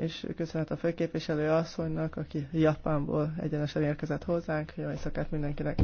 és köszönet a főképviselő asszonynak, aki Japánból egyenesen érkezett hozzánk. Jó éjszakát mindenkinek!